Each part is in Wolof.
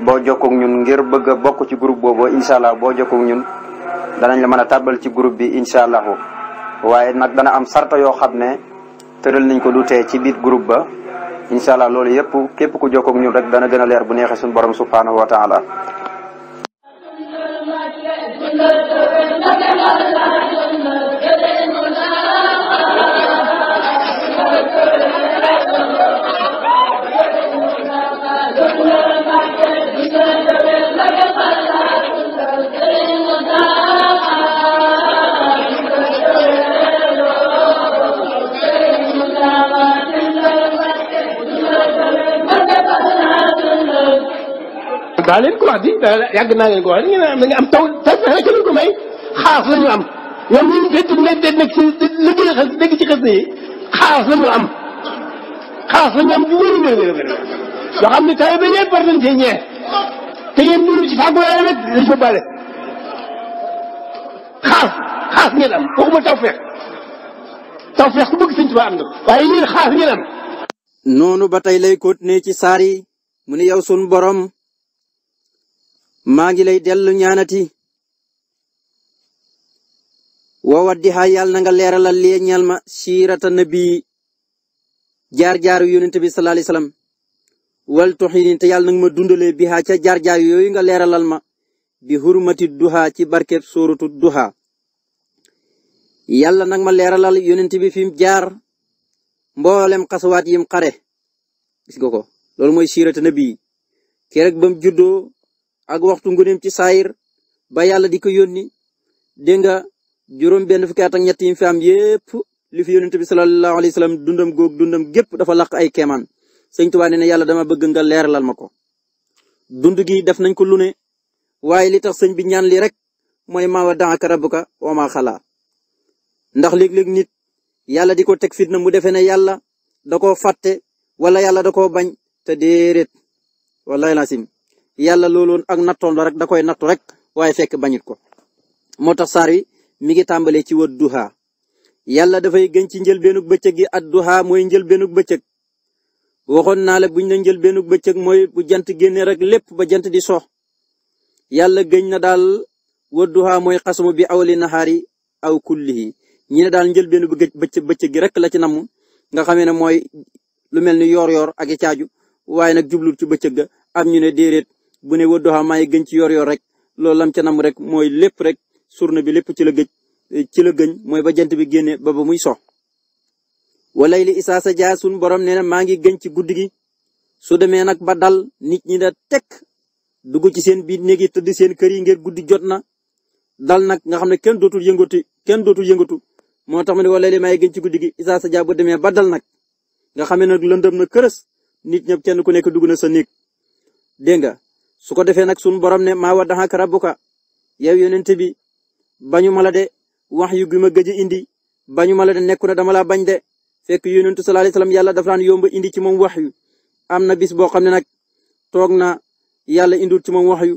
boo jokkook ñun ngir bëgg bokk ci groupe boobu incha allah boo jokkook ñun danañ la mën a tàbbal ci groupe bi incha allahu waaye nag dana am sarta yoo xam ne tëral nañ ko du tee ci biir groupe ba incha loolu yëpp képp ku jokkook ñun rek dana gën a leer bu neexee suñu borom subhanahu wa taala daa leen wax di yàgg naa leen ko wax di ngeen am da nga am taw taw ko may xaas la am ñoom ñu ngi fekk nekk ci liggéey xas dégg ci xas yi xaas la ñu am xaas la ñu am bu wér wér wér yoo xam ne taw bi ñëpp war nañ xaas xaas ngeen am waxuma taw feex ku bëgg sëñ Tuubaa am na waaye yéen xaas ngeen am. noonu ba tey lay continuer ci saar mu ne yow sunu borom. maa ngi lay dellu ñaanati wa waddiha yàlla na nga leeralal lee ñeel ma siirata nabi jaar-jaaru yonent bi sallallahu alayhi wasallam wal tuxini te ma dundalee biha jaar-jaar yooyu nga leeralal ma bi hurmati duha ci barkeb sóoratu duha yàlla nag ma leeralal yonent bi fi mu jaar mboolem xasawaat yim xare ko loolu mooy siirata nabi kii rek ba mu ak waxtu nguneem ci saayir ba yàlla di ko yónni dégg nga juróom benn fukki at ak ñett yi mu fi am yépp li fi yónnent bi sallallahu alayhi wa dundam góog dundam gépp dafa laq ay keman sëñ Tuubaa nee na yàlla dama bëgg nga lal ma ko dund gi def nañ ko lu ne waaye li tax sëñ bi ñaan li rek mooy ma wa daaka rabbuka wa maa ndax léeg-léeg nit yàlla di ko teg fitna mu defee ne yàlla da koo fàtte wala yàlla da koo bañ te déedéet wallahi laasim yàlla looloon ak nattoon la rek da koy nattu rek waaye fekk bañit ko moo tax saar yi mi ngi tàmbalee ci wad duha yàlla dafay gën ci njëlbeenug bëccëg gi ak duha mooy njëlbeenug bëccëg waxoon naa la buñ jël njëlbeenug bëccëg mooy bu jant génnee rek lépp ba jant di soo yàlla gëñ na daal wad duha mooy xasmu bi awli nahaari aw kullihi ñi ne daal njëlbeenu bëgg bëccëg bëccëg gi rek la ci namm nga xamee ne mooy lu mel ni yoor-yoor ak waaye nag jublu ci bëccëg ga am ñu ne déedéet bu ne Wadduha maay gën ci yor-yor rek loolu lam ca nam rek mooy lépp rek surne bi lépp ci la gëj ci la gëñ mooy ba jant bi génne ba ba muy so. walay li isaa sa jaa sun borom nee na maa ngi gën ci guddi gi soo demee nag ba dal nit ñi da tek dugg ci seen biir néegi yi tëdd seen kër yi ngir guddi jot na dal nag nga xam ne kenn dootul yëngatu kenn dootul yëngatu moo tax ma ne walay li maay gën ci guddi gi issa sa jaa bu demee ba dal nag nga xam ne nag lëndëm na kërës nit ñëpp kenn ku nekk dugg sa néeg dégg nga su ko defee nag sunu borom ne maa waddaxaka rabbuka yow yonent bi bañu ma la de wax yu gi ma gëj a indi bañu ma la de nekku na dama laa bañ de fekk yonentu sallallahu alayhi wasallam yàlla dafa daan yomb indi ci moom wax yu am na bis boo xam ne nag toog na yàlla indul ci moom wax yu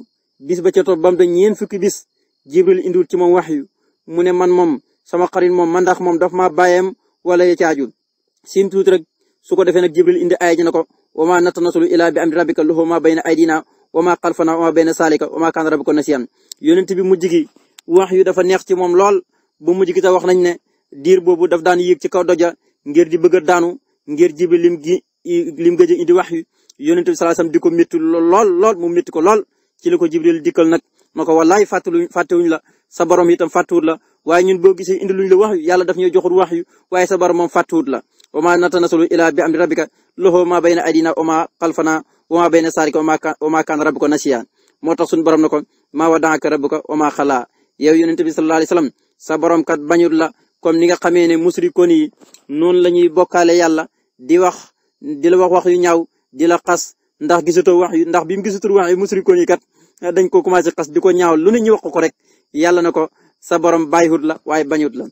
bis ba ca toog bam da ñeen fukki bis jibril indul ci moom wax yu mu ne man moom sama xarit moom man ndax moom daf ma bayem wala ya caajul sin tuuti rek su ko defee nag jibril indi aaya ji na ko wa ma natanazzalu illa bi amri rabbika lahu ma bayna aydina wa ma xalfana wa ma bayna salika wa ma kana rabbuka nasiyan yonent bi mujj gi wax yu dafa neex ci moom lool ba mujj gi te wax nañ ne diir boobu daf daan yéeg ci kaw doja ngir di bëgg a daanu ngir jibi lim gi lim gëj a indi wax yu yonent bi salaasam di ko métti lool lool mu métti ko lool ci la ko jibril dikkal nag ma ko wallaay fàttaluñ fàttewuñ la sa borom itam fàttuwut la waaye ñun boo gisee indi luñ la wax yu yàlla daf ñuy joxul wax yu waaye sa borom moom fàttuwut la wa ma natanazzalu illa bi amri rabbika lahu ma bayna aydina wa ma xalfana wa ma bayna sarika wa ma kaana rabbuka nasiyan moo tax suñu borom na ko ma wadaaka rabbuka wa ma xalaa yow yonent la comme ni nga xamee ne musrikoon yi noonu la di wax di la wax wax yu ñaaw di la xas ndax gisatoo wax yu ndax bi mu gisatul wax yu musrikoon yi kat dañ ko commencé xas di ko ñaaw lu ne ñu wax ko rek yalla na ko sa borom bàyyiwut la waaye bañut la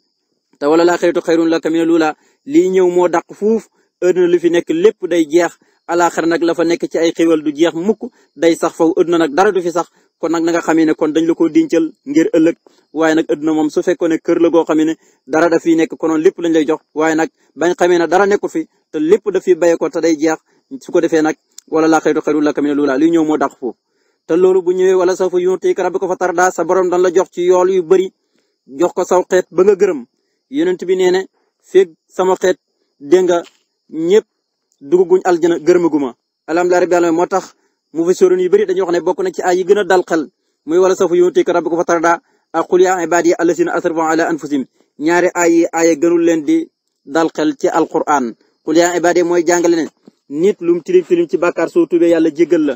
te wala laa xëytu xayrun laka mina luulaa lii ñëw moo dàq fuuf àdduna lu fi nekk lépp day jeex alaaxira nag la fa nekk ci ay xéwal du jeex mukk day sax faw àdduna nag dara du fi sax kon nag na nga xamee ne kon dañ la koo dincal ngir ëllëg waaye nag àdduna moom su fekkoon ne kër la goo xamee ne dara da fi nekk konoon lépp lañ lay jox waaye nag bañ xamee ne dara nekkul fi te lépp da fiy bayee ko te day jeex su ko defee nag wala laa xaytu xayrun laka mina luulaa lii ñëw moo dàq foofu te loolu bu ñëwee wala sawfa yu'tika rabbuka fatardaa sa borom dañ la jox ci yool yu bari jox ko saw xeet ba nga gërëm feeg sama xeet dégg nga ñëpp dugguñ aljana gërëmaguma alhamdulilah rabbil alamin moo tax mu fi sóoroon yu bëri dañuy wax ne bokk na ci ay yi gën a dal xel muy wala safu yutika rabbuka fatarda a qul yaa ibaadi allasina asrafu ala anfusihim ñaari ay yi ay gënul leen di dal xel ci alquran qul yaa ibaadi mooy jàngale ne nit lum tilim tilim ci bàkkaar soo tuubee yàlla jéggal la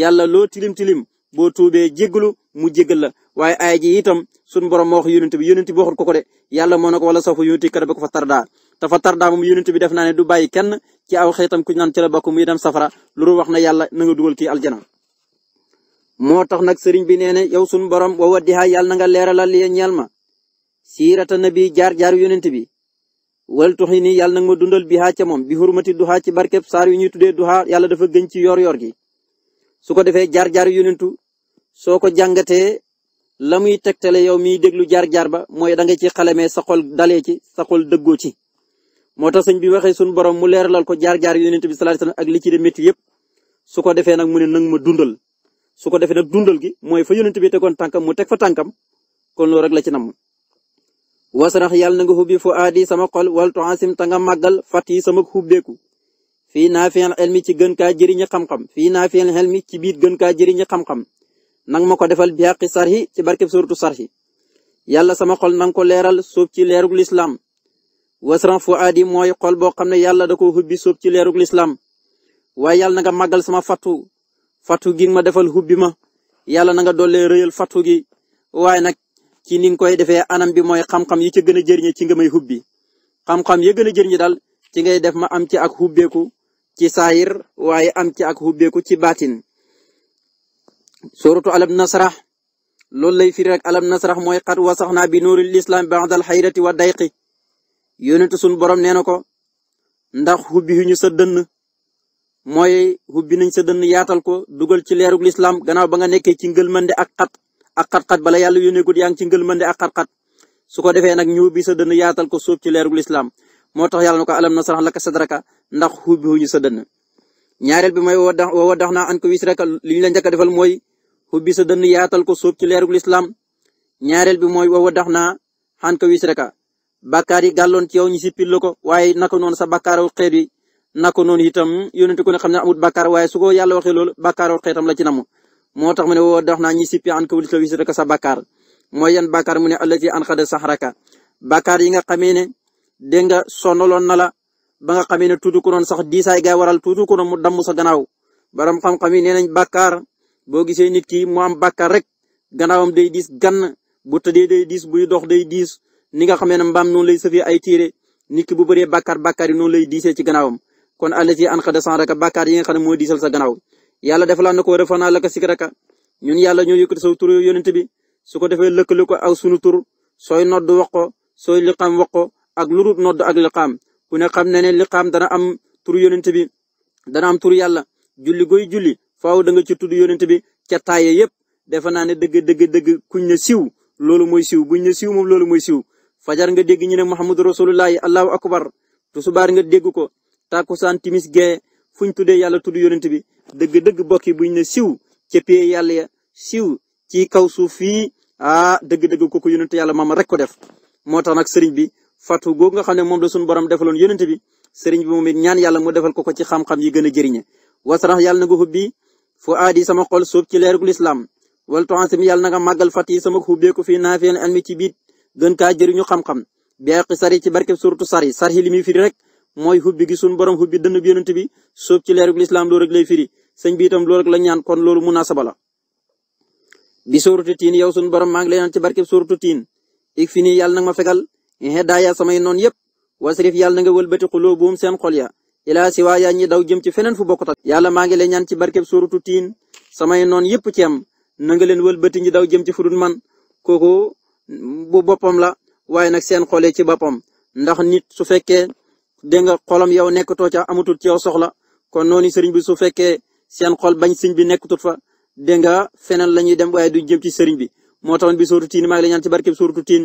yàlla loo tilim tilim boo tuubee jéggalu mu jéggal la waaye ay ji itam sunu borom moo wax yonent bi yonent bi waxut ko ko de yàlla moo ne ko wala sawfa kada ba ko fa tardaa te fa tardaa moom yonent bi def na ne du bàyyi kenn ci aw xeetam ku ñu naan ci la bokk muy dem safara loolu wax yàlla na nga dugal kii aljana moo tax nag sëriñ bi nee ne yow sunu borom wa waddiha yàlla na nga leeralal li ñeel ma siirata nabi jaar jaar yonent bi wal tuxi nii yàlla na ma dundal bi ca moom bi xurmati duha ci barkeb saar yu ñuy tuddee duha yàlla dafa gën ci yor-yor gi su ko defee jaar la muy tegtale yow miy déglu jaar-jaar ba mooy da nga ci xalamee sa xol dalee ci sa xol dëggoo ci moo tax sëñ bi waxee suñu borom mu leeralal ko jaar-jaar yonent bi salaat alayhi ak li ci de métti yëpp su ko defee nag mu ne nang ma dundal su ko defee nag dundal gi mooy fa yonent bi tegoon tànkam mu teg fa tànkam kon loolu rek la ci nam wasarax yàlla na nga xubbi fu aadi sama xol wal tuasim ta nga màggal fat yi sama xubbeeku fii naa fi mi ci gën kaa jëriñi xam-xam naa fi xel mi ci biit gën kaa jëriñi xam-xam nang ma ko defal bi xaqi sarxi ci barkeb suratu sarxi yàlla sama xol nanga ko leeral sóob ci leerug lislaam wasran fu aadi mooy xol boo xam ne yàlla da ko hubbi sóob ci leerug lislaam waaye yàlla nanga nga màggal sama fattu fattu gi ma defal hubbi ma yàlla na nga dollee rëyal fattu gi waaye nag ci ni nga koy defee anam bi mooy xam-xam yi ci gën a jëriñe ci nga may hubbi xam-xam yi gën a jëriñe daal ci ngay def ma am ci ak hubbeeku ci saayir waaye am ci ak hubbeeku ci baatin suratu alam nasrah loolu lay firi rek alam nasrah mooy xat wasax naa bi nuuril islam baadal xayrati wa dayqi yónent suñ borom nee na ko ndax xubbi yu ñu sa dënn mooy xubbi nañ sa dënn yaatal ko dugal ci leerug lislaam gannaaw ba nga nekke ci ngëlmande ak xat ak xat-xat bala yàlla yónnee gud yaa ngi ci ngëlmande ak xat-xat su ko defee nag ñu bi sa dënn yaatal ko suuf ci leerug lislaam moo tax yàlla na ko alam nasrah laka sadraka ndax xubbi yu ñu sa dënn ñaareel bi mooy woo dax woo dax naa an ko wis rek li la njëkk mooy ubbi sa dënn yaatal ko suub ci leerug lislaam bi mooy wa dax naa xan ka wis reka bàkkaar yi gàlloon ci yow ñu sippil la ko waaye naka noonu sa bàkkaaru xeet yi naka noonu itam yónnente ko ne xam ne amut bàkkaar waaye su ko yàlla waxee loolu bàkkaaru xeetam la ci namu moo tax mu ne wa dax naa ñi sippi xan ka wulis la wis reka sa bàkkaar mooy yan bàkkaar mu ne allati an xada saxraka bàkkaar yi nga xamee ne dégg nga sonaloon na la ba nga xamee ne tuutu ko noonu sax diisaay gaay waral tuutu ko noonu mu damm sa gannaaw borom xam-xam boo gisee nit ki mu am bàkkaar rek gannaawam day diis gann bu tëddee day diis buy dox day diis ni nga xamee ne mbaam noonu lay sëfee ay tiire nit ki bu bëree bàkkaar bàkkaar yi noonu lay diisee ci gannaawam kon allati anqada sanraka bàkkaar yi nga xam ne moo diisal sa gannaaw yàlla defalaa na ko rafanaa laka sikraka ñun yàlla ñoo yëkkati sa tur yonent bi su ko defee lëkkale ko aw sunu tur sooy nodd wax sooy liqaam wax ko ak lu dul nodd ak liqaam ku ne xam ne ne liqaam dana am tur yonent bi dana am tur yàlla julli goy julli faaw da nga ci tudd yonent bi ca taaye yëpp defe naa ne dëgg dëgg dëgg kuñ ne loolu mooy siw buñ siw siiw moom loolu mooy siw fajar nga dégg ñu ne Muhammadu Rasulullahi allahu akbar tusubaar nga dégg ko takusaan timis gee fuñ tuddee yàlla tudd yonent bi dëgg dëgg bokk yi buñ ne siiw ca pie yàlla ya siiw ci kaw suuf fii ah dëgg dëgg ko yonent yàlla maama rek ko def moo tax nag sëriñ bi fatu googu nga xam ne moom la suñu borom defaloon yonent bi sëriñ bi moom it ñaan yàlla mu defal ko ko ci xam yi gën a jëriñe foo aadi sama xol suub ci leerug lislaam wal toansim yàlla na nga màggal fat yi sama xubbeeku fii naafiyal elmi ci biit gën kaa jëriñu xam-xam beeqi sari ci barkeb surtu sari sarxi li muy firi rek mooy xubbi gi sun borom xubbi dënn bi yonent bi suub ci leerug lislaam loolu rek lay firi sëñ bi itam loolu rek la ñaan kon loolu munaasaba la bi suuratu tiin yow sun borom maa ngi lay ñaan ci barkeb suuratu tiin ik fi nii yàlla na ma fegal hedaaya samay noon yépp wasrif yàlla na nga wëlbati xulóobuum seen xol ya ilaa si waa yaa ñi daw jëm ci feneen fu bokkut ak yàlla maa ngi lay ñaan ci barkeb suuratu tiin samay noon yëpp ci am na leen wëlbati ñi daw jëm ci fudun man kooku bu boppam la waaye nag seen xoolee ci boppam ndax nit su fekkee dégg nga xolam yow nekkatoo ca amatul ci yow soxla kon noonu sëriñ bi su fekkee seen xol bañ sëriñ bi nekkatut fa dégg nga feneen la ñuy dem waaye du jëm ci sëriñ bi moo taxoon bi suuratu tiin maa ngi lay ñaan ci barke suuratu tiin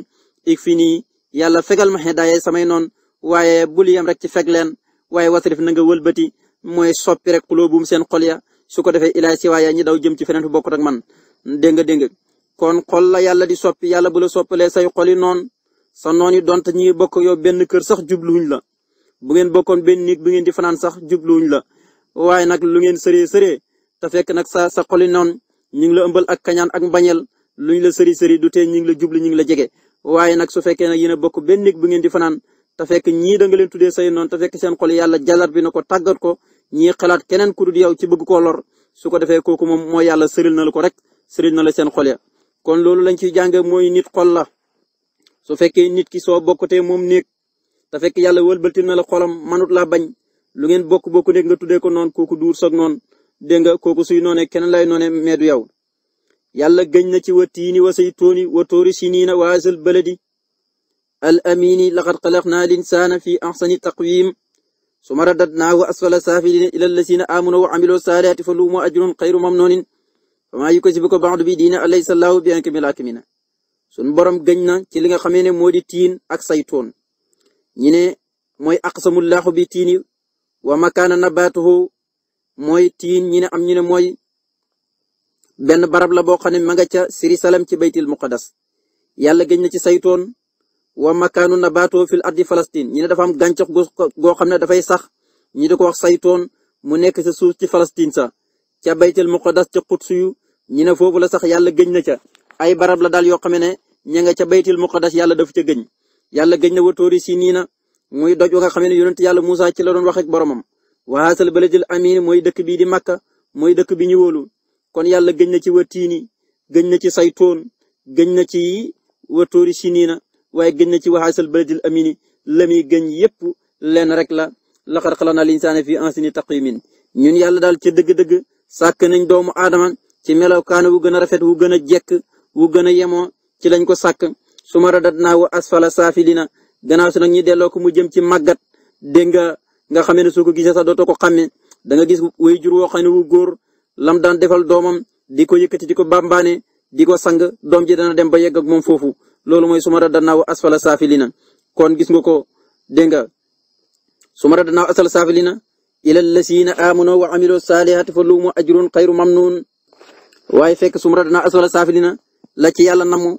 ik fii nii yàlla fegal ma xedaaye samay noon waaye bul yem rek ci feg leen waaye wasrif na nga wëlbati mooy soppi rek xulóobum seen xol ya su ko defee ilaa si waaye ñi daw jëm ci feneen fu bokkut ak man dégg nga dégg kon xol la yàlla di soppi yàlla bu la soppalee say xol yi noonu sa noonu donte ñi bokk yow benn kër sax jubluwuñ la bu ngeen bokkoon benn néeg bu ngeen di fanaan sax jubluwuñ la waaye nag lu ngeen sëree sëree te fekk nag sa sa xol yi ñu ngi la ëmbal ak kañaan ak lu luñ la sëri sëri du tee ñu ngi la jublu ñu ngi la jege waaye nag su fekkee nag di fanaan te fekk ñii da nga leen tuddee say noonu te fekk seen xol yàlla jalar bi na ko tàggat ko ñii xalaat keneen ku dul yow ci bëgg ko lor su ko defee kooku moom mooy yàlla sëril na ko rek sëril na la seen xol ya kon loolu lañ ciy jànge mooy nit xol la su fekkee nit ki soo bokkutee moom néeg te fekk yàlla wëlbalti na la xolam manut laa bañ lu ngeen bokk bokk nekk nga tuddee ko noon kooku duur soog noon dégg nga kooku suy noonee keneen lay noonee meedu yow. yàlla gëñ na ci wa tiini wa saytuuni wa toori siniina wa asal baladi al amini laqad xalaqna al insana fi ahsani taqwim summa radadnahu asfala safilina ila allasina amanu wa amilu salihati fa lumu ajrun xayru mamnunin fama yukasibuka ba'du bi diina alaysa allahu bi akamil akimina sun borom gëñ na ci li nga xamee ne moo di tiin ak saytoon ñi ne mooy aqsamullahu bi tiini wa makaana nabatuhu mooy tiin ñi ne am ñu mooy benn barab la boo xam ne ma nga ca siri salam ci baytil muqaddas yàlla gëñ na ci saytoon wa makaanu nabaatoo fil ardi Palestine ñi ne dafa am gàncax goo xam ne dafay sax ñi di ko wax saytoon mu nekk sa suuf ci Palestine sax ca baytil muqaddas ca Quds yu ñi ne foofu la sax yàlla gëñ na ca ay barab la daal yoo xam ne ña nga ca baytil muqaddas yàlla daf ca gëñ yàlla gëñ na wa tóori si nii na muy doj wa nga xam ne yonent yàlla Moussa ci la doon wax ak boromam wa haasal baladil amin mooy dëkk bii di Makka mooy dëkk bi ñu wóolu kon yàlla gëñ na ci wa tiini gëñ na ci saytoon gëñ na ci wa tóori si nii na waaye gëñ na ci waxaasal baladil amini la muy gëñ yépp leen rek la laqad xalaqnal insaana fii ahsani taqwiimin ñun yàlla daal ca dëgg-dëgg sàkk nañ doomu aadama ci melokaan wu gën a rafet wu gën a jekk wu gën a yemoo ci lañ ko sàkk su ma radat naa wa asfala saafilina gannaaw si nag ñi delloo ko mu jëm ci màggat dégg nga nga xamee ne soo ko gisee sax dootoo ko xàmmee da nga gis way jur woo xam ne wu góor lam daan defal doomam di ko yëkkati di ko bàmbaane di ko sang doom ji dana dem ba yegg ak moom foofu loolu mooy suma radanaaw asfala saafilina kon gis nga ko dégg nga suma radanaaw asfala saafilina ila lasina amanu wa amilu salihati fa lumu ajrun xayru mamnun waaye fekk suma radanaaw asfala saafilina la ci yàlla namu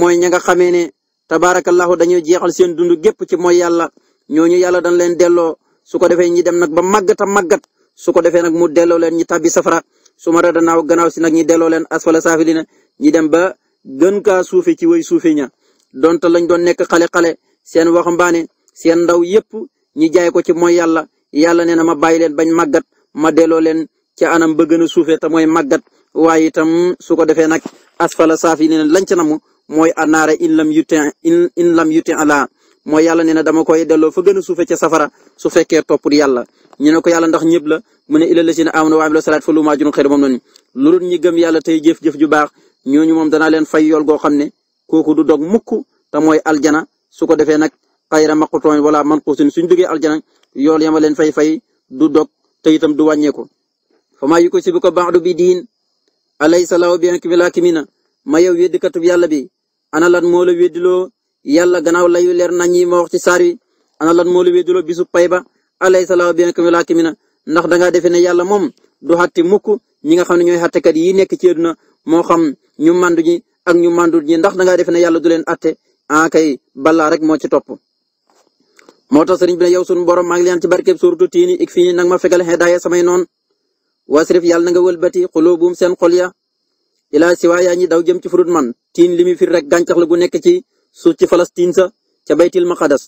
mooy ña nga xamee ne tabaarakallahu dañuy jeexal seen dund gépp ci mooy yàlla ñooñu yàlla dañ leen delloo su ko defee ñi dem nag ba màggat a màggat su ko defee nag mu delloo leen ñi tàbbi safara suma radanaaw ganaaw si nag ñi delloo leen asfala saafilina ñi dem ba gën kaa suufe ci way suufe ña donte lañ doon nekk xale-xale seen waxambaane seen ndaw yépp ñi jaay ko ci mooy yàlla yàlla nee na ma bàyyi leen bañ màggat ma delloo leen ca anam ba gën a suufee te mooy màggat waaye itam su ko defee nag asfala saafi nee na lañ ca namu mooy anaara in lam yutin in in lam yutin ala mooy yàlla nee na dama koy delloo fa gën a suufe ca safara su fekkee topour yàlla ñu ne ko yàlla ndax ñëpp la mu ne illa lazina amanu wa amilu salaat fa lu maa junun xëy ñooñu moom danaa leen fay yool goo xam ne kooku du dog mukk te mooy aljana su ko defee nag xayra maqtoon wala manqusin suñ duggee aljana yool yama leen fay fay du dog te du wàññeeku. famaa yiko ko si bu ko baax du bi diin alaysa law bi ma yow weddikatub yàlla bi ana lan moo la weddiloo yàlla gannaaw layu leer nañ ñi ma wax ci saar ana lan moo la weddiloo bisu pay ba alaysa law bi akmilakimina ndax dangaa defee ne yàlla moom du xatti mukk ñi nga xam ne ñooy xattekat yi nekk ci àdduna moo xam ñu mandu ñi ak ñu mandul ñi ndax da ngaa def ne yàlla du leen atte ah kay balaa rek moo ci topp. moo tax sëriñ bi ne yow sunu borom maa ngi leen ci barkeeb suuratu tiini ik fii nii nag ma fegal hidaaya samay noon wasrif yàlla na nga wëlbati xulóobuum seen xol ya ilaa siwaa yaa ñi daw jëm ci furut man tiin li mu fir rek gàncax la gu nekk ci suuf ci Palestine sa ca baytil maqadas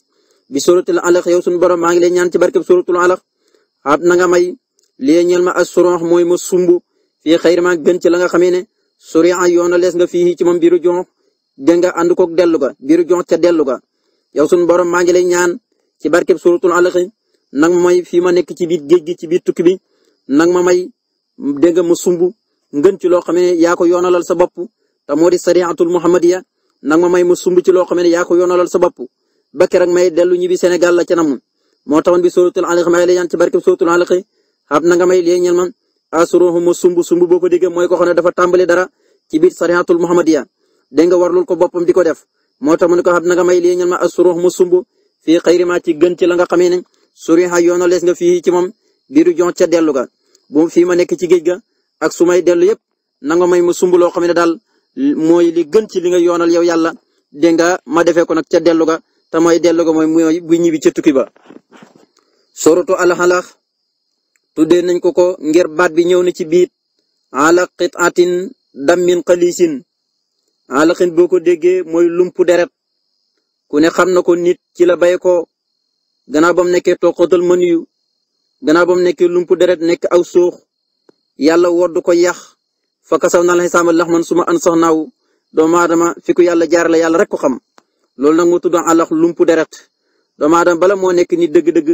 bi suratul alaq yow sunu borom maa ngi leen ñaan ci barkeeb suratul alaq ab na nga may li ñeel ma as suroox mooy ma sumb fii xayri ma gën ci la nga xamee ne suri a yoonalees nga fii ci moom biiru jox dégg nga ànd koog dellu ga biiru jox ca dellu ga yow sunu borom maa ngi lay ñaan ci barkeb suratul alaq nag ma may fii ma nekk ci biir géej gi ci biir tukki bi nag ma may dégg nga ma sumb ngën ci loo xam ne yaa ko yoonalal sa bopp te moo di sariatul muhammadiya nag ma may ma sumb ci loo xam ne yaa ko yoonalal sa bopp ba keroog may dellu ñibbi Sénégal la ca namu moo taxoon bi suratul alaq maa ngi lay ñaan na nga may lee ñeel man asruhum sumbu sumb boo ko déggee mooy ko xam ne dafa tàmbali dara ci biir sariatul muhammadiya dégg nga warlul ko boppam di ko def moo tax mu ne ko xam na nga may lii ñal ma asruhum sumbu fii xayri ma ci gën ci la nga xamee ne suriha yoona lees nga fii ci moom biiru jon ca dellu ga bu fii ma nekk ci géej ga ak su may dellu yëpp nanga may ma sumb loo xam ne daal mooy li gën ci li nga yoonal yow yàlla dégg nga ma defee ko nag ca dellu ga te mooy dellu ga mooy mooy bu ñibbi ca tukki ba. al tuddee nañ ko ko ngir baat bi ñëw na ci biit ala qit'atin dammin qalisin alaxin boo ko déggee mooy lumpu deret ku ne xam na ko nit ci la bay ko gannaaw ba mu nekkee toqatal mën yu gannaaw ba mu nekkee lumpu deret nekk aw suux yàlla wodd ko yax fa kasaw na la xisaama lax man suma an sox naaw doomu aadama fi ku yàlla jaarale yàlla rek ko xam loolu nag moo tudd alax lumpu deret doomu aadama bala moo nekk nit dëgg-dëgg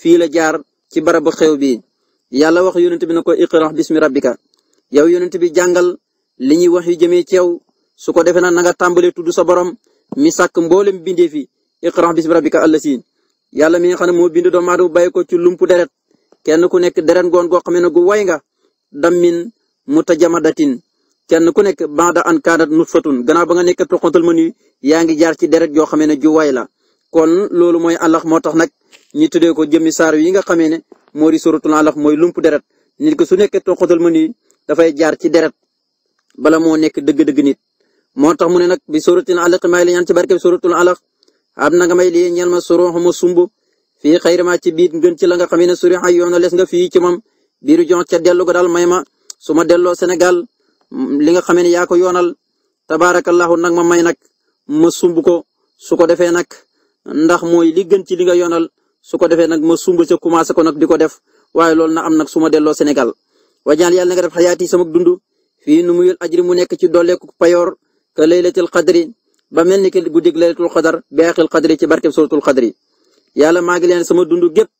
fii la jaar ci barabu xew bi yàlla wax yonent bi na ko iqra bismi rabbika yow yonent bi jàngal li ñuy wax yu jëmee ci yow su ko defee nag na nga tàmbalee sa borom mi sàkk mboolem bindee fi iqra bismi rabbika allasi yalla mi nga xam ne moo bind doomu aadama bàyyi ko ci lumpu deret kenn ku nekk deret goon goo xam ne gu way nga dam min dammin mutajamadatin kenn ku nekk bada an kaanat nutfatun gannaaw ba nga nekk toqantal ma ni yaa ngi jaar ci deret yoo xam ne ju way la kon loolu mooy àllax moo tax nag ñi tuddee ko jëmmi saar yi ne moo di suratul alaq mooy lump deret nit ko su nekkee toqatal ma nii dafay jaar ci deret bala moo nekk dëgg-dëgg nit moo tax mu ne nag bi suratul alaq may la ñaan ci barke bi suratul alaq am na nga may lii ñeel ma soro ma sumb fii xayri ma ci biit gën ci la nga xam ne suri ay yoon les nga fii ci moom biiru jox ca dellu ko daal may ma su ma delloo Sénégal mm, li nga xam ne yaa ko yoonal tabaarakallahu nag ma may nag ma sumb ko su ko defee nag ndax mooy li gën ci li nga yoonal su ko defee nag ma sumba ca commencé ko nag di ko def waaye loolu na am nag suma ma delloo Sénégal wajaal yàlla na nga def xayaati sama dund fii nu muyul ajri mu nekk ci dolleeku payoor ka laylatil xadri ba mel ni ki guddig laylatul xadar beexil xadri ci barkeb suratul xadri yàlla maa ngi leen sama dund gépp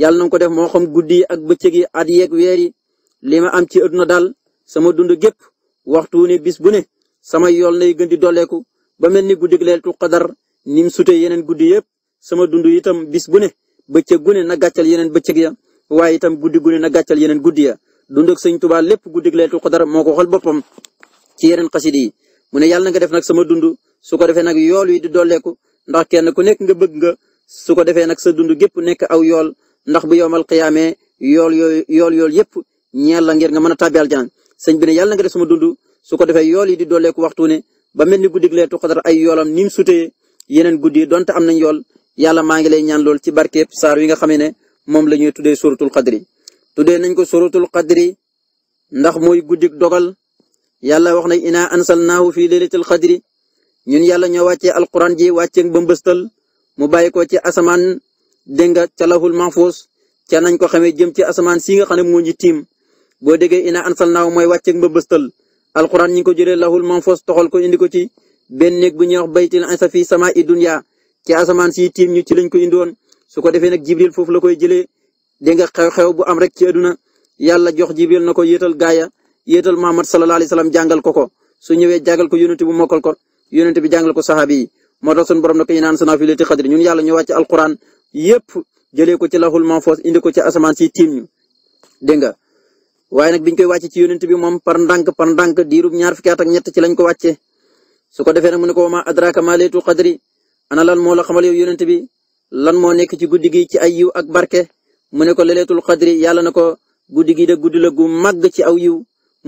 yàlla na ko def moo xam guddi yi ak bëccëg yi at yeeg weer yi li ma am ci adduna daal sama dund gépp waxtu wu ne bis bu ne sama yool nay gën di dolleeku ba mel ni guddig laylatul xadar nim sutee yeneen guddi yëpp sama dund itam bis bu ne bëccëg gune ne na gàccal yeneen bëccëg ya waaye itam guddi gune na gàccal yeneen guddi ya dund ak sëñ Tuubaa lépp guddi gi laylatul qadar moo ko xol boppam ci yeneen xasida yi mu ne yàlla nga def nag sama dund su ko defee nag yool yi di dolleeku ndax kenn ku nekk nga bëgg nga su ko defee nag sa dund gépp nekk aw yool ndax bu yowmal xiyaamee yool yooyu yool yool yëpp ñeel la ngir nga mën a tàbbi aljana sëñ bi ne yàlla nga def sama dund su ko defee yool yi di dolleeku waxtu ne ba mel ni guddi gi laylatul ay yoolam ni mu sutee yeneen guddi donte am nañ yool yàlla maa ngi lay ñaan lool ci barkeeb saar wi nga xamee ne moom la ñuy tuddee suratul xadri tudee nañ ko suratul xadri ndax mooy guddik dogal yàlla wax na ansal ansalnaahu fii laylatil xadri ñun yàlla ñoo wàccee alquran ji wàcceeg ba mbëstal mu bàyyi ko ci asamaan dégg nga ca lahul mahfuz ca nañ ko xamee jëm ci asamaan si nga xam ne moo ñu tiim boo degee ina ansal ansalnaahu mooy wàcceek ba mbëstal alquran ñi ngi ko jëlee lahul mahfuz toxal ko indi ko ci benn néeg bu ñuy wax baytil ansa fi sama i ci asamaan si tiim ñu ci lañ ko indi woon su ko defee nag jibril foofu la koy jëlee dégg nga xew-xew bu am rek ci àdduna yàlla jox jibril na ko yéetal gaaya yéetal Muhammad sallallahu alayhi wasallam jàngal ko ko su ñëwee jàngal ko yonent bu mokkal ko yonent bi jàngal ko saxaabi yi moo tax suñu borom na ko ñu naan sanaa fi leeti xadri ñun yàlla ñu wàcc alquran yépp jëlee ko ci laxul manfoos indi ko ci asamaan si tiim ñu dégg nga waaye biñ koy wàcce ci yonent bi moom par ndànk par ndànk diirub ñaar fukki at ak ñett ci lañ ko wàcce su ko defee nag ana lan moo la xamal yow yonent bi lan moo nekk ci guddi gi ci ay yiw ak barke mu ne ko leleetul xadri yàlla na ko guddi gi de guddi la gu màgg ci aw yiw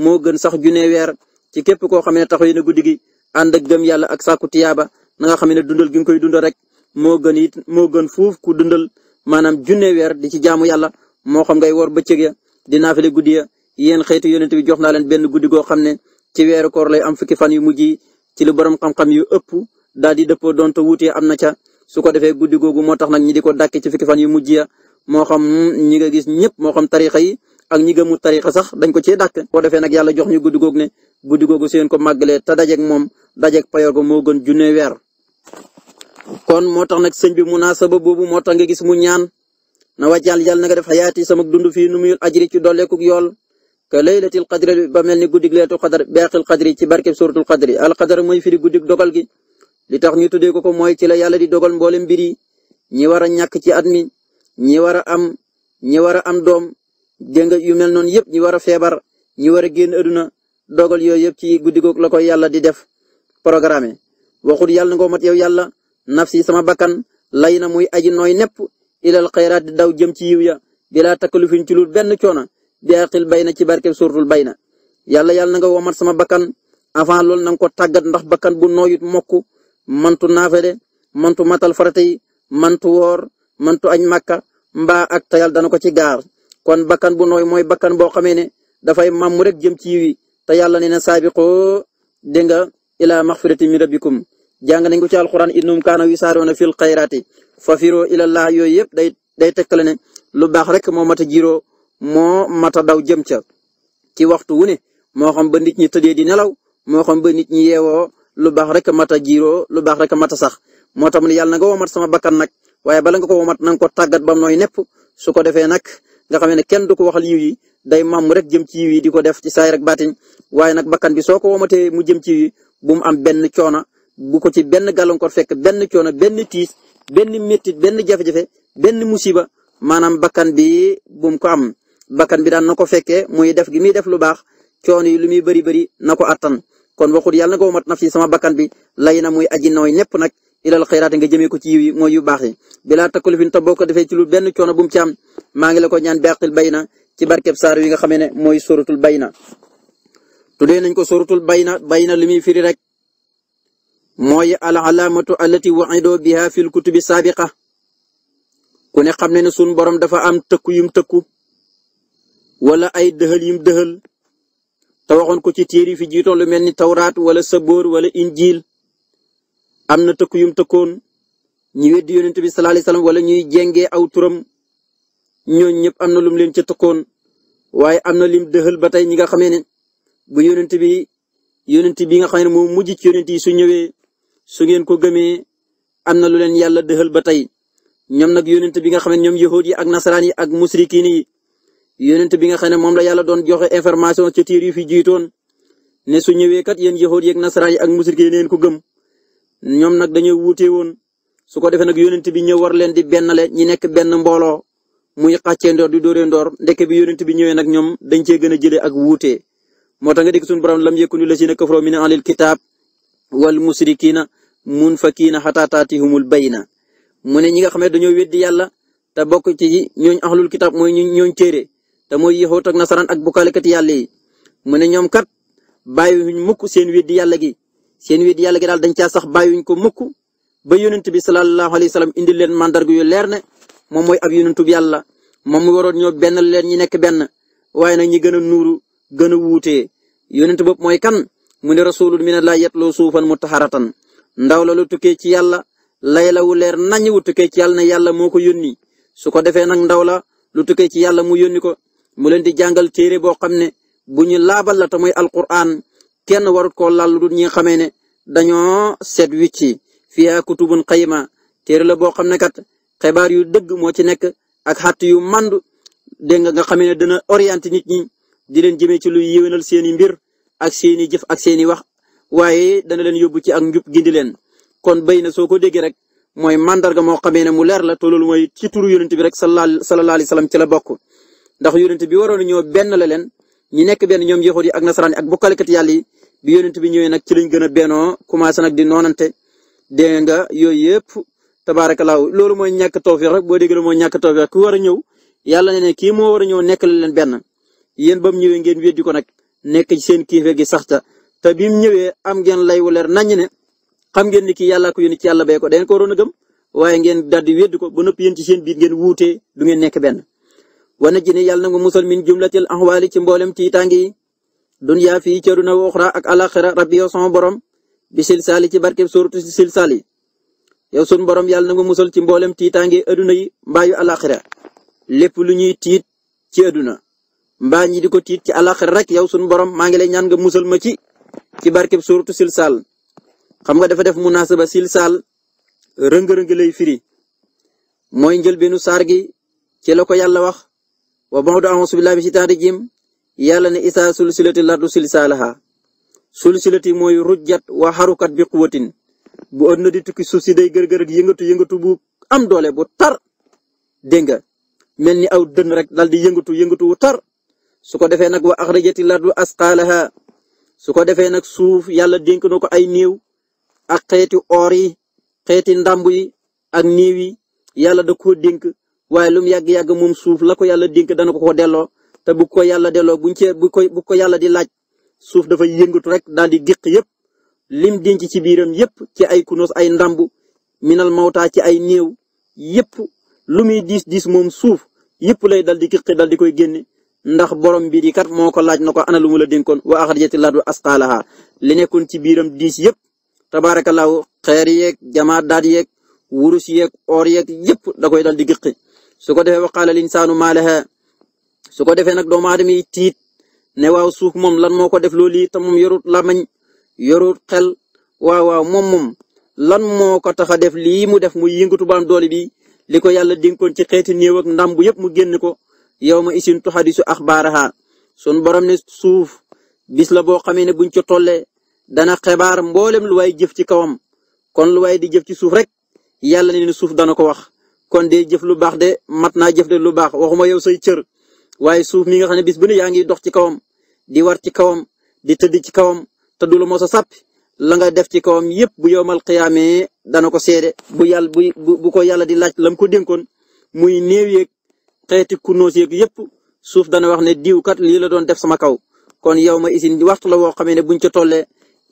moo gën sax junne weer ci képp koo xam ne taxawee na guddi gi ànd ak gëm yàlla ak sàkku tiyaaba na nga xam ne dundal gi nga koy dundal rek moo gën it moo gën fuuf ku dundal maanaam junne weer di ci jaamu yàlla moo xam ngay wor bëccëg ya di naafile guddi ya yéen xeetu yonent bi jox naa leen benn guddi goo xam ne ci weeru koor lay am fukki fan yu mujj ci lu borom xam yu ëpp daal di dëppoo doon te wuutee am na ca su ko defee guddi googu moo tax nag ñi di ko dàkk ci fukki fan yu mujj ya moo xam ñi nga gis ñëpp moo xam tarixa yi ak ñi mu tarixa sax dañ ko cee dakk boo defee nag yàlla jox ñu guddi googu ne guddi googu seen ko màggalee te dajeeg moom dajeeg payoor ko moo gën junne weer kon moo tax nag sëñ bi munaasaba boobu moo tax nga gis mu ñaan na wàjjal yàlla na nga def xayaati sama dund fii nu muy ajri ci dolleekuk yool ka laylatil qadri ba mel ni guddig leetu qadar beexil qadri ci barkeb suratul qadri al qadar mooy firi guddig dogal gi li tax ñu tuddee ko ko mooy ci la yàlla di dogal mboolem mbir yi ñi war a ñàkk ci at mi ñi war a am ñi war a am doom dégg yu mel noonu yëpp ñi war a feebar ñi war a génn aduna dogal yooyu ci guddi la koy yàlla di def programme waxut yàlla na ko mat yow yàlla nafsi sama bakkan lay na muy aji nooy nepp ilal xayraat di daw jëm ci yiw ya bilaa takalufin ci lul benn coono bi aqil bay na ci barkeb suuratul bay na yàlla yàlla na nga sama bakkan avant loolu na ko tàggat ndax bakkan bu nooyut mantu naafale mantu matal farata yi mantu woor mantu añ màkka mbaa ak tayal dana ko ci gaar kon bakkan bu nooy mooy bakkan boo xamee ne dafay màmm rek jëm ci yiwi te yàlla nee na saabiqoo dégg nga ila maxfirati min rabbikum jàng nañ ko ci alquran innum kaana wisaaruna fil xayraati fafiroo ilallah yooyu yëpp day day tekkale ne lu baax rek moo mat a jiiroo moo mat daw jëm ca ci waxtu wu ne moo ñi tëddee di nelaw moo xam ba ñi yeewoo lu baax rek mat a jiiroo lu baax rek mat a sax moo tax mu ne yàlla na nga womat sama bakkan nag waaye bala nga ko womat na nga ko tàggat ba nooy nepp su ko defee nag nga xam ne kenn du ko waxal yiw yi day màmm rek jëm ci yiw yi di ko def ci saay rek baatin waaye nag bakkan bi soo ko womatee mu jëm ci yiw yi bu mu am benn coona bu ko ci benn gàllankoor fekk benn coono benn tiis benn méttit benn jafe-jafe benn musiba maanaam bakkan bi bu mu ko am bakkan bi daan na ko fekkee muy def gi muy def lu baax coono yi lu muy bëri bëri na ko attan kon waxut yàlla na ko mat nafsi sama bakkan bi lay na muy aji nooy nepp nag ilal xayraat nga jëmee ko ci yiw yi mooy yu baax yi bilaa takalufin te ta ko defee ci lu benn coono bu mu ci am maa ngi ko ñaan beqil bayna ci barkeb saar yi nga xamee ne mooy sóoratul bayna tuddee nañ ko sóoratul bayna bayna li muy firi rek mooy al alaamatu allati waidoo biha fil kutubi saabiqa ku ne xam ne ne sun borom dafa am tëkku yum tëkku wala ay dëxal yum dëxal te waxoon ko ci téere fi jiitoon lu mel ni tawraat wala sabóor wala injiil am na tëkku yum tëkkoon ñi weddi yonent bi sallallahu alayhi wala ñuy jengee aw turam ñoo ñëpp am na lum leen ca tëkkoon waaye am na lim dëxal ba tey ñi nga xamee ne bu yonent bi yonent bi nga xam ne moo mujj ci yonent yi su ñëwee su ngeen ko gëmee am na lu leen yàlla dëxal ba tey ñoom nag yonent bi nga xam ne ñoom yahuud yi ak nasaraan yi ak musrikiin yi yonent bi nga xam ne moom la yàlla doon joxe information ci tiir yu fi jiitoon ne su ñëwee kat yéen yahood yeeg nasaraan yi ak musrik yi neen ko gëm ñoom nag dañoo wuute woon su ko defee nag yonent bi ñëw war leen di bennale ñi nekk benn mbooloo muy xàccee di dóoree ndoor ndeke bi yonent bi ñëwee nag ñoom dañ cee gën a jëlee ak wuute moo tax nga dégg suñu borom lam yakuni lazina kafaru min ahlil kitaab wal musrikiina munfakiina hattaa taatiyahumul bayna mu ne ñi nga xam ne dañoo weddi yàlla te bokk ci ñooñ ahlul kitaab mooy ñooñ téere ta te mooy yéexoot ak nasaraan ak bokaalekati yàlla yi mu ñoom kat bàyyiwuñ mukk seen weddi yàlla gi seen weddi yàlla gi daal dañ caa sax bàyyiwuñ ko mukk ba yonent bi sallallahu alayhi wa sallam indil leen mandarga yu leer ne moom mooy ab yonentub yàlla moom mu waroon ñoo benn leen ñi nekk benn waaye nag ñi gën a nuuru gën a wuutee yonent bopp mooy kan mu ne rasulun min la yatloo suufan mutaharatan ndaw la lu tukkee ci yàlla layla wu leer nañ wu tukkee ci yàlla ne yàlla moo ko yónni su yàlla mu yónni ko mu leen di jàngal téere boo xam ne bu ñu laabal la te mooy alquran kenn warut ko lal lu ñi nga xamee ne dañoo seet wicci fiya kutubun xayma téere la boo xam ne kat xibaar yu dëgg moo ci nekk ak xàtt yu mandu dégg nga nga xamee ne dana orienté nit ñi di leen jëmee ci lu yéwénal seeni mbir ak seeni jëf ak seeni wax waaye dana leen yóbbu ci ak njub gindi leen kon béy na soo ko déggee rek mooy mandarga moo xamee ne mu leer la te mooy ci turu yonent bi rek sallallahu alayhi wa sallam ci la bokk ndax yonent bi waroon ñëw benn la leen ñi nekk benn ñoom yéexoot yi ak nasaraan yi ak bokkalekat yàlla yi bi yonent bi ñëwee nag ci lañ gën a bennoo commencé nag di noonante de nga yooyu yëpp tabaarakallaahu loolu mooy ñàkk tawfiq rek boo déggee mooy ñàkk tawfiq ku war a ñëw yàlla ne ne kii moo war a ñëw nekk la leen benn yen ba mu ñëwee ngeen weddi ko nag nekk ci seen kiife gi saxta te bi mu ñëwee am ngeen lay wu leer naññ ne xam ngeen ni kii yàllaa ko yónni ci yàlla bee ko dangeen ko waroon a gëm waaye ngeen daldi weddi ko ba noppi yéen ci seen biir ngeen wuutee du ngeen nekk benn wa najini yàlla na nga musal min jumlatil ahwaali ci mboolem tiitaange yi dunyaa fii ci aduna wa uxra ak alaxira rabbi yow sama borom bi silsaali ci barkeb suuratu sil silsaali yow sun borom yàlla na nga musal ci mboolem tiitaange aduna yi mbaayu alaxira lépp lu ñuy tiit ci aduna mba ñi di ko tiit ci alaxira rek yow sun borom maa ngi lay ñaan nga musal ma ci ci barkeb sil silsaal xam nga dafa def munaasaba silsaal rëng-rëng lay firi mooy njëlbeenu yàlla wax wa ba'du a'uuzu billahi bi shaytaani rajiim yàlla ne isaa sulsilati lardu silsaalaha sulsilati mooy rujjat wa xarukat bi quwatin bu àdduna di tukki suuf si day gërgër ak yëngatu yëngatu bu am doole bu tar dégg nga mel ni aw dën rek dal di yëngatu yëngatu wu tar su ko defee nag wa axrajati lardu asqaalaha su ko defee nag suuf yàlla dénk na ko ay néew ak xeeti or yi xeeti ndàmb yi ak néew yi yàlla da koo dénk waaye lum yàgg-yàgg moom suuf la ko yàlla dénk dana ko ko delloo te bu ko yàlla delloo buñ cee bu ko bu ko yàlla di laaj suuf dafa yëngatu rek daal di diq yëpp lim denc ci biiram yëpp ci ay kunos ay ndambu minal mawtaa ci ay néew yëpp lu muy diis diis moom suuf yëpp lay dal di xiqi dal di koy génne ndax borom bi di kat moo ko laaj na ko ana lu mu la dénkoon wa axrajati laadu asqaalaha li nekkoon ci biiram diis yëpp tabaarakallaahu xeer yeeg jamaadaat yeeg wurus yeeg or yeeg yëpp da koy dal di xiqi su ko defee waqaala al insaanu maa lahaa su ko defee nag doomu aadama yi tiit ne waaw suuf moom lan moo ko def loolu yi moom yorut lamañ yorut xel waaw waaw moom moom lan moo ko tax a def lii mu def muy yëngatu baam doole bi li ko yàlla dénkoon ci xeeti néew ak ndam yëpp mu génn ko yow ma isin tuhadisu axbaaraha sun borom ne suuf bis la boo xamee ne buñ ci tolle dana xibaar mboolem lu waay jëf ci kawam kon lu waay di jëf ci suuf rek yàlla ne suuf dana ko wax. kon de jëf lu baax de mat naa jëf de lu baax waxuma yow say cër waaye suuf mi nga xam ne bis bu ne yaa ngi dox ci kawam di war ci kawam di tëdd ci kawam te du la moo sa sàppi la nga def ci kawam yépp bu yow yowmal xiyaamee dana ko seede bu yàlla bu bu ko yàlla di laaj lam ko dénkoon muy néew yeeg xeeti kunoos yeeg yépp suuf dana wax ne diw kat li la doon def sama kaw kon yow ma isin waxtu la woo xamee ne buñ ca tollee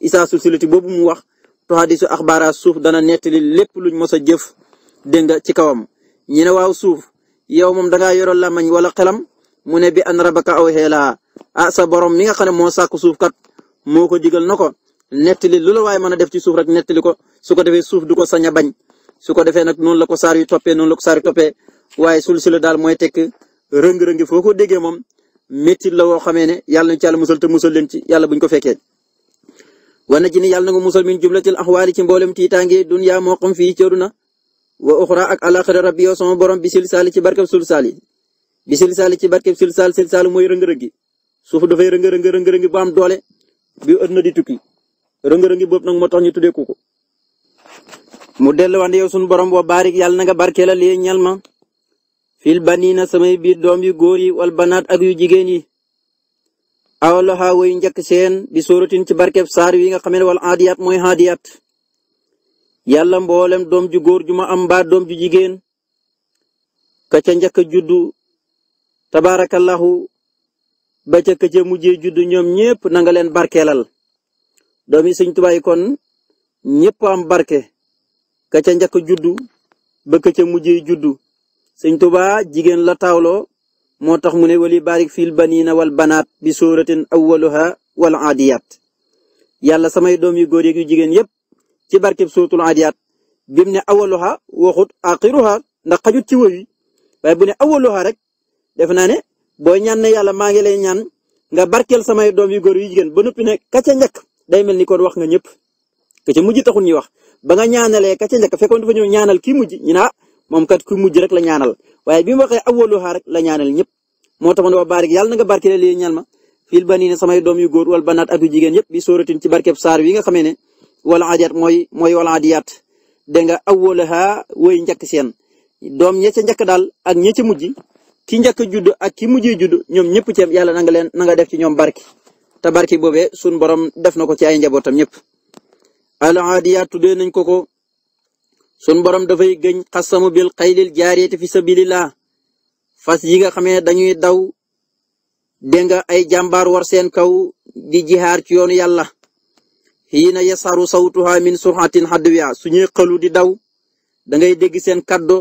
isaa sulsilati boobu mu wax to hadisu axbaara suuf dana nettali lépp luñ mos a jëf dégg nga ci kawam ñu ne waaw suuf yow moom dangaa yoroon làmmañ wala xelam mu ne bi an rabaka aw xeelaa ah sa borom mi nga xam ne moo sàkk suuf kat moo ko digal na ko nettali lu la waaye mën a def ci suuf rek nettali ko su ko defee suuf du ko sañ bañ su ko defee nag noonu la ko saar yu toppee noonu la ko saar yu toppee waaye suul si la daal mooy tekk rëng-rëngi foo ko déggee moom métti la woo xamee ne yàlla na ci musal te musal leen ci yàlla buñ ko fekkee wana ji ni yàlla na nga musal min jumlatil axwaali ci mboolem tiitaange wa uxra ak alaxira rabbi yow sama borom bi silsaali ci barkeb sulsaali bi silsaali ci barkeb silsaal silsaal mooy rëng-rëngi suuf dafay rëng-rëng rëng-rëngi bu am doole bi ëtt na di tukki rëng-rëngi boobu nag moo tax ñu ko mu delluwaat yow sunu borom wa baarik yàlla na nga barkeelal yee ñal ma fil baniina samay biir doom yu góor yi wal banaat ak yu jigéen yi awlaha way njëkk seen di sóoratin ci barkeb saar wi nga xam ne wal aadiyaat mooy aadiyaat yàlla mboolem doom ju góor ju ma am mbaa doom ju jigéen ka ca njëkk a juddu tabaarakallahu ba ca ka ca ñoom ñépp nanga nga leen barkeelal doom yi sëñ Tuubaa kon ñépp am barke ka ca njëkk juddu ba ka ca mujjee juddu sëñ jigéen la taawloo moo tax mu ne wali barik fil banina wal banaat bi sóoratin awwaluha wal aadiyaat yàlla samay doom yu góor yeeg yu jigéen yépp ci barkeb suuratul Aadiyaat bi mu ne awaluha waxut axiruha ndax xajut ci wëy waaye bu ne awaluha rek def naa ne boo ñaan ne yàlla maa ngi lay ñaan nga barkeel samay doom yu gor yu jigéen ba noppi ne ka ca njëkk day mel ni kon wax nga ñëpp ka ca mujj taxul ñuy wax ba nga ñaanalee ka ca njëkk fekkoon dafa ñëw ñaanal kii mujj ñu naa ah, moom kat ku mujj rek la ñaanal waaye bi mu waxee awaluha rek la ñaanal ñëpp moo tax ma barik yàlla na nga barkelee lii ñaan ma fil banina samay doom yu góor wal banaat atu jigéen yëpp bi sóoratin nga xamee ne wala aadiyaat mooy mooy wala aadiyaat dégg nga awwalaha woy njëkk seen doom ña ca njëkk daal ak ña ca mujj ki njëkk judd ak ki mujjee judd ñoom ñëpp ceeb yàlla nanga leen na def ci ñoom bark te barki boobee suñ borom def na ko ci ay njabootam ñëpp. al aadiyaat tuddee nañ ko ko sun borom dafay gëñ xasamu bil xaylil jaariyati fi sabilillah fas yi nga xamee dañuy daw dégg nga ay jàmbaar war seen kaw di jihaar ci yoonu yàlla. xiina yasaru sawtuha min surhatin xadwiya suñuy xëlu di daw da ngay dégg seen kaddo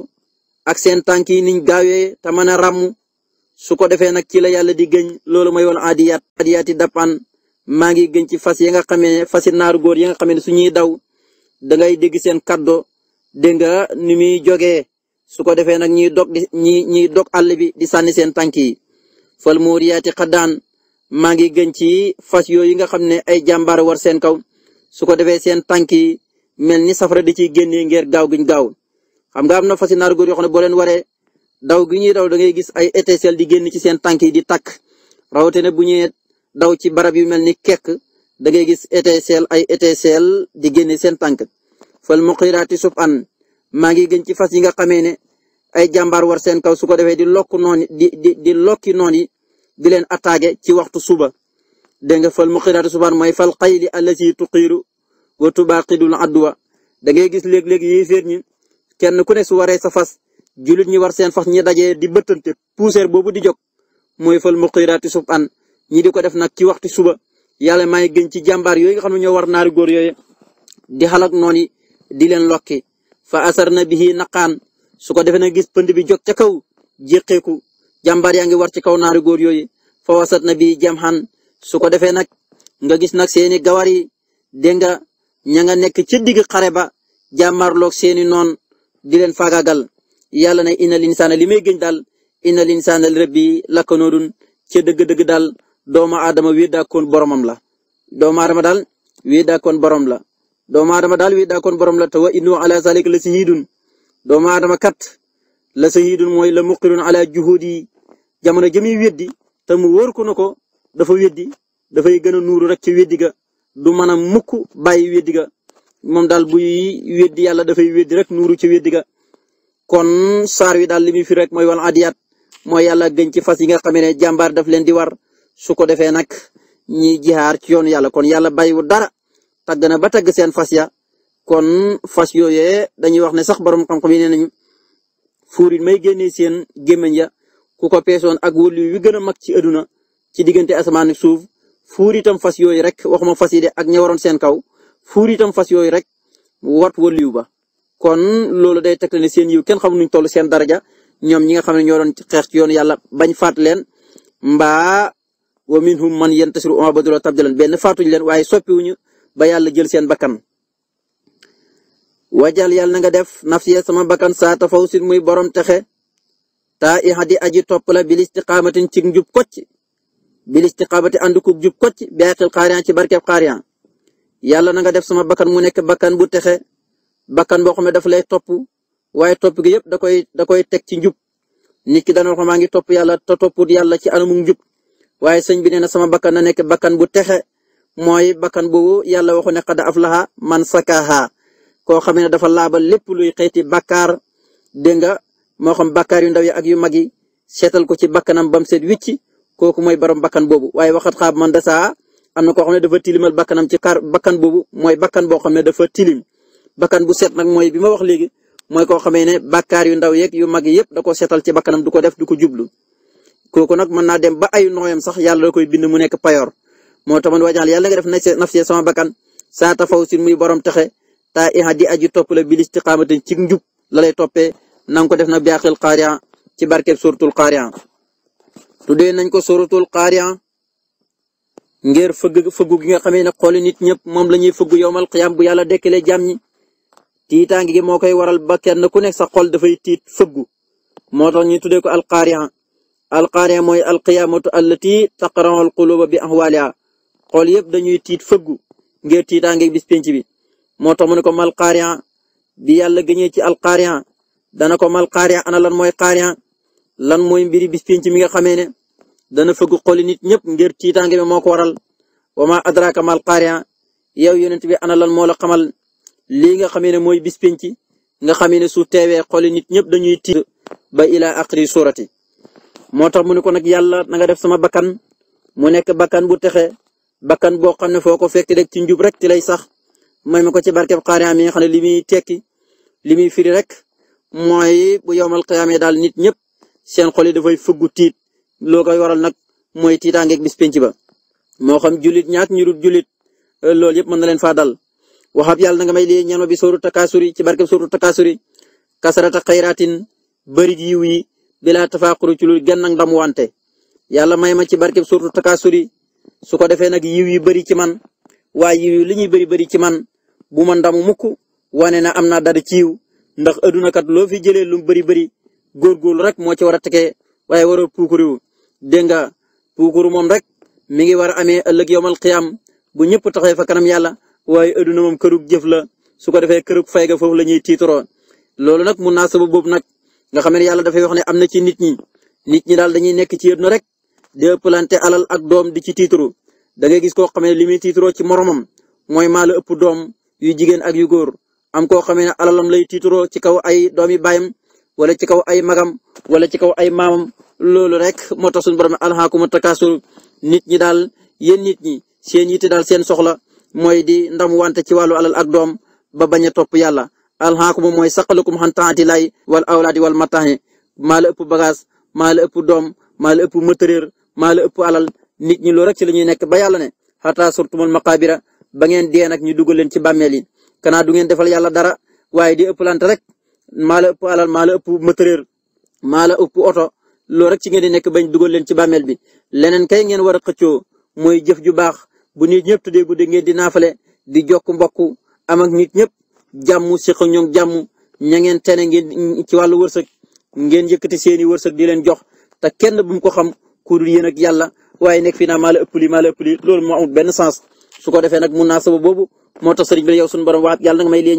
ak seen tànk yi niñ gaawee te mën a ràmm su ko defee nag ci la yàlla di gëñ loolu mooy wal aadiyaat aadiyaati dappan maa ngi gëñ ci fas yi nga xamee fasi naaru góor yi nga xamee ne suñuy daw da ngay dégg seen kaddo dégg nga ni muy jógee su ko defee nag ñuy dog ñi ñiy dog àll bi di sànni seen tànk yi fal muuriyaati xaddaan maa ngi gën ci fas yooyu nga xam ne ay jàmbaar war seen kaw su ko defee seen tànk yi mel ni safara di ciy génnee ngir gaaw gi ñu gaaw xam nga am na fasi naar góor yoo xam ne boo leen waree daw gi ñuy daw da ngay gis ay étincelle di génn ci seen tànk yi di takk rawatina bu ñuy daw ci barab yu mel ni kekk da ngay gis étincelle ay étincelle di génne seen tànk fal muqiraati sub an maa ngi gën ci fas yi nga xamee ne ay jàmbaar war seen kaw su ko defee di lokk noon di di di lokki noon yi di leen attaqué ci waxtu suba dégg nga fal muqiraatu subaan mooy fal xayli allati tuqiiru wa tubaaqidul adwa da ngay gis léeg-léeg yéeféer ñi kenn ku ne su waree sa fas julit ñi war seen fas ñi dajee di bëttante poussière boobu di jóg mooy fal muqiraatu subaan ñi di ko def nag ci waxtu suba yàlla may gën ci jàmbaar yooyu nga xam ne ñoo war naari góor yooyu di xalak noon yi di leen lokki fa asar bi bihi naqaan su ko defee nag gis pënd bi jóg ca kaw jéqeeku jàmbaar yaa ngi war ci kaw naari góor yooyu su ko defee nag nga gis nag seeni gawar yi dégg nga ña nga nekk ci digg xare ba jàmmarloog seeni noon di leen faagaagal yàlla ne inna linsaana li may gëñ daal inna linsaana li rabbi lakanoodun ca dëgg-dëgg daal doomu adama wii daakoon boromam la doomu aadama daal wii kon borom la doomu aadama daal wii daakoon borom la te wa innu ala zalika la sahiidun doomu aadama kat la sahiidun mooy la muqirun ala juhudi jamono jëmi weddi te mu wóor ko na ko dafa weddi dafay gën a nuuru rek ci weddi du mën a mukk bàyyi weddi moom daal buy weddi yàlla dafay weddi rek nuuru ci weddi kon saar wi daal li muy fi rek mooy wal adiyaat mooy yàlla gën ci fas yi nga xamee ne jàmbaar daf leen di war su ko defee nag ñi jihaar ci yoonu yàlla kon yàlla bàyyiwu dara tagg na ba tagg seen fas ya kon fas yooyee dañuy wax ne sax borom xam-xam yi nee nañu fuurit may génnee seen gémmiñ ya ku ko peesoon ak wólu gën a mag ci àdduna ci diggante asamaan ak suuf fuur itam fas yooyu rek waxuma fas yi de ak ña waroon seen kaw fuur itam fas yooyu rek wat waliyu ba kon loolu day tegtal ne seen yiw kenn xam nuñ toll seen daraja ñoom ñi nga xam ne ñoo doon xeex ci yoonu yàlla bañ faat leen mbaa wa minhum man yantasiru wa ma baddalu tabdilan benn faatuñ leen waaye soppiwuñu ba yàlla jël seen bakkan wajal yàlla na nga def nafsiya sama bakan saa tafaw sin muy borom texe taa iha di aji topp bil istiqaamati ànd ko jub kocc bi àqil xaariyan ci barkeeb xaariyan yàlla na nga def sama bakkan mu nekk bakkan bu texe bakkan boo xam ne daf lay topp waaye topp gi yëpp da koy da koy teg ci njub nit ki dana wax maa ngi topp yàlla te yàlla ci anamu njub waaye sëñ bi na sama bakkan nekk bakkan bu texe mooy bakkan boobu yàlla waxu ne xad aflaha man sakaha koo xam ne dafa laabal lépp luy xeeti bakkaar dégg nga moo xam bakkaar yu ndaw yi ak yu mag yi seetal ko ci bakkanam bam seet wicci kooku mooy borom bakkan boobu waaye waxat xaab man da dasaa am na koo xam ne dafa tilimal bakkanam ci kar bakkan boobu mooy bakkan boo xam ne dafa tilim bakkan bu set nag mooy bi ma wax léegi mooy koo xamee ne bakkaar yu ndaw yeeg yu mag yëpp da ko setal ci bakkanam du ko def du ko jublu kooku nag mën naa dem ba ay nooyam sax yàlla da koy bind mu nekk payoor moo tax man wajaxal yàlla nga def nafsee sama bakkan saa tafaw sin muy borom texe ta iha di aji topp la bil istiqaamatin ci njub la lay toppee na ko def na biaqil qaariya ci barkeb suratul qaariya tuddee nañ ko suratul qaari'a ngir fëgg fëggu gi nga xamee ne xooli nit ñëpp moom la ñuy fëggu yowmal qiyaam bu yàlla dekkalee jàmm ñi tiitaange gi moo koy waral ba kenn ku nekk sa xol dafay tiit fëggu moo tax ñu tuddee ko alqaari'a alqaari'a mooy alqiyaamatu allati taqra'u alquluba bi ahwaliha xol yëpp dañuy tiit fëggu ngir tiitaange bis penc bi moo tax mu ne ko mal qaari'a bi yàlla gëñee ci alqaari'a dana ko mal qaari'a ana lan lan mooy mbiri bis mi nga xamee ne dana fëgg xoli nit ñëpp ngir tiitaange moo ko waral wa ma adraka mal qaari'a yow yonent bi ana lan moo la xamal lii nga xamee ne mooy bis penc nga xamee ne su teewee xoli nit ñëpp dañuy tiit ba ila aqri surati moo tax mu ne ko nag yàlla na nga def sama bakkan mu nekk bakkan bu texe bakkan boo xam ne foo ko fekk rek ci njub rek ci lay sax may ma ko ci barkeb qaari'a mi nga xam ne li muy tekki li muy firi rek mooy bu yowmal qiyaamee daal nit ñëpp seen xol yi dafay fëggu tiit loo koy waral nag mooy tiitaangeeg bis penc ba moo xam jullit ñaak ñu dul lool euh, loolu yëpp mën na leen faa dal waxab yàlla na nga may lii ñaan ma bi sóoru takaasuri ci barkeb sóoru takaasuri kasarata xayraatin bëri yiw yi bilaa tafaaquru ci lu genn wante yàlla may ma ci barkeb sóoru takaasuri su ko defee nag yiw yi bëri ci man waaye yiw yi li ñuy bëri bëri ci man bu ma ndamu mukk wane na am naa dara ci yiw ndax adduna kat loo fi jëlee lu mu bëri góorgóorlu rek moo ci war a tege waaye warul puukuru dégg nga puukuru moom rek mi ngi war a amee ëllëg yowmal qiyaam bu ñëpp taxawee fa kanam yàlla waaye adduna moom kërug jëf la su ko defee kërug fay ga foofu la ñuy tiitaroo loolu nag mun naa sabab boobu nag nga xam ne yàlla dafay wax ne am na ci nit ñi nit ñi daal dañuy nekk ci adduna rek di ëppalante alal ak doom di ci tiitaru da ngay gis koo xam ne li muy tiitaroo ci moromam mooy maa la ëpp doom yu jigéen ak yu góor am koo xam ne alalam lay tiitaroo ci kaw ay doomi baayam wala ci kaw ay magam wala ci kaw ay maamam loolu rek moo tax suñu borom ne alhaakumu takaasur nit ñi daal yéen nit ñi seen yitte daal seen soxla mooy di ndam wante ci wàllu alal ak doom ba bañ a topp yàlla alhaakumu mooy saqalukum xan taati lay wal awlaadi wal mataahi maa la ëpp bagage maa la ëpp doom maa la ëpp matériel maa la ëpp alal nit ñi lool rek ci la ñuy nekk ba yàlla ne xataa surtumul maqaabira ba ngeen dee nag ñu dugal leen ci bàmmeel yi kanaa ngeen defal yàlla dara waaye di ëpplante rek maa la ëpp alal maa la ëpp matériel maa la ëpp oto loolu rek ci ngeen di nekk bañ dugal leen ci bàmmeel bi leneen kay ngeen war a xëccoo mooy jëf ju baax bu nit ñëpp tuddee guddi ngeen di naafale di jokk mbokk am ak nit ñëpp jàmm seq ñoom jàmm ña ngeen tene ngeen ci wàllu wërsëg ngeen yëkkati seen i wërsëg di leen jox te kenn bu mu ko xam ku dul yéen ak yàlla waaye nekk fii naa maa la ëpp lii maa la loolu moo benn sens su ko defee nag mun naa sabab boobu moo tax sëriñ bi yow suñu borom waxaat yàlla may lii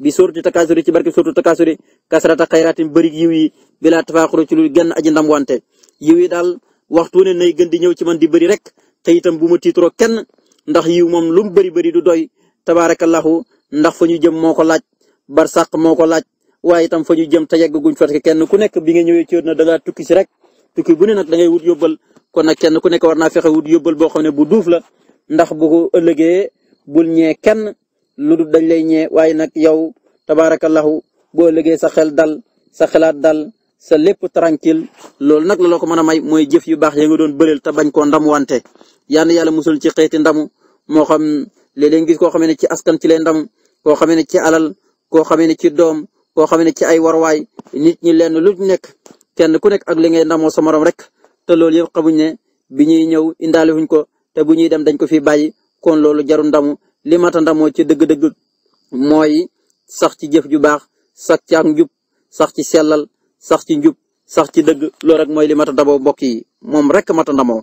bi suuratu takaasuri ci barke suuratu takaasuri kasrata xayraatin bëri yiw yi bilaa tafaaxuru ci lu genn aji ndam wante yiw yi daal waxtu nay gën di ñëw ci man di bëri rek te itam bu ma tiituroo kenn ndax yiw moom lu mu bëri bëri du doy tabaarakallahu ndax fa ñu jëm moo ko laaj bar sàq moo ko laaj waaye itam fa ñu jëm te yegg guñ fekk kenn ku nekk bi nga ñëwee ci na da ngaa tukki si rek tukki bu ne nag da ngay wut yóbbal kon nag kenn ku nekk war naa fexe wut yóbbal boo xam ne bu duuf la ndax bu ko ëllëgee bul ñee kenn lu dul dañ lay ñee waaye nag yow tabaarakallahu boo liggéey sa xel dal sa xelaat dal sa lépp tranquille loolu nag la loo ko mën a may mooy jëf yu baax ya nga doon bëreel te bañ koo ndam wante yal na yàlla musul ci xeeti ndamu moo xam léeg-léeg gis koo xam ci askan ci lay ndamu koo xam ne ci alal koo xam ne ci doom koo xam ne ci ay warwaay nit ñi lenn lu nekk kenn ku nekk ak li ngay ndamoo sa morom rek te loolu yëpp xamuñ ne bi ñuy ñëw indaale wuñ ko te bu ñuy dem dañ ko fi bàyyi kon loolu jar ndamu li mat a ndamoo ci dëgg-dëgg mooy sax ci jëf ju baax sax ci ak njub sax ci sellal sax ci njub sax ci dëgg loolu rek mooy li mat a ndamoo mbokk yi moom rek mat a ndamoo